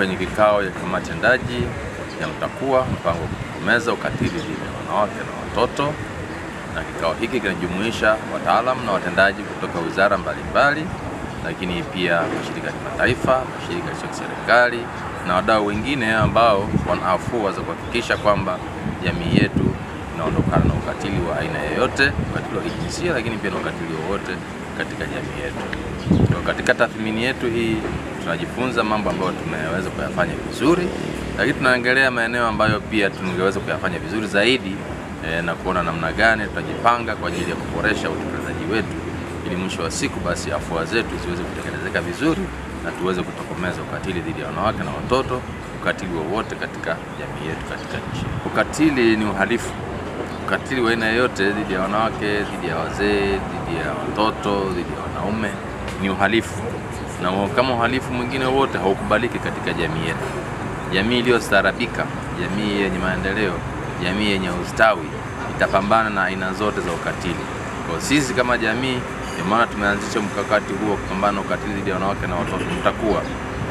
kwenye kikao cha kamati tendaji ya MTAKUWA mpango wa kutokomeza ukatili dhidi ya wanawake na watoto, na kikao hiki kinajumuisha wataalamu na watendaji kutoka wizara mbalimbali, lakini pia mashirika ya kimataifa, mashirika yasiyo ya serikali na wadau wengine ambao wana afua za kuhakikisha kwamba jamii yetu inaondokana na ukatili wa aina yoyote, ukatili wa kijinsia, lakini pia na ukatili wowote katika jamii yetu. Katika tathmini yetu hii tunajifunza mambo ambayo tumeweza kuyafanya vizuri, lakini tunaangalia maeneo ambayo pia tungeweza kuyafanya vizuri zaidi e, na kuona namna gani tutajipanga kwa ajili ya kuboresha utekelezaji wetu ili mwisho wa siku basi afua zetu ziweze kutekelezeka vizuri na tuweze kutokomeza ukatili dhidi ya wanawake na watoto, ukatili wowote katika jamii yetu, katika nchi. Ukatili ni uhalifu, ukatili wa aina yoyote dhidi ya wanawake, dhidi ya wazee, dhidi ya watoto, dhidi ya wanaume ni uhalifu, na kama uhalifu mwingine wote haukubaliki katika jamii yetu. Jamii iliyostaarabika, jamii yenye maendeleo, jamii yenye ustawi itapambana na aina zote za ukatili. Kwa sisi kama jamii, ndio maana tumeanzisha mkakati huo wa kupambana na ukatili dhidi ya wanawake na watoto mtakuwa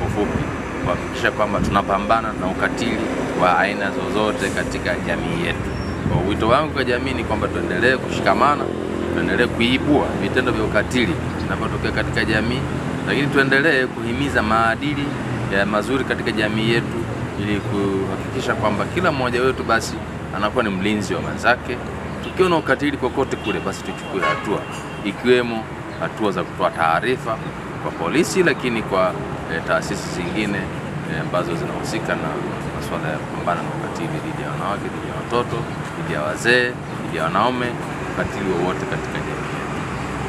ufupi kuhakikisha kwamba tunapambana na ukatili wa aina zozote katika jamii yetu. Kwa wito wangu kwa jamii ni kwamba tuendelee kushikamana, tuendelee kuibua vitendo vya ukatili vinavyotokea katika jamii, lakini tuendelee kuhimiza maadili ya mazuri katika jamii yetu ili kuhakikisha kwamba kila mmoja wetu basi anakuwa ni mlinzi wa wenzake. Tukiona ukatili kokote kule, basi tuchukue hatua, ikiwemo hatua za kutoa taarifa kwa polisi, lakini kwa e, taasisi zingine eh, ambazo e, zinahusika na masuala ya kupambana na ukatili dhidi ya wanawake, dhidi ya watoto, dhidi ya wazee, dhidi ya wanaume, ukatili wowote katika jamii.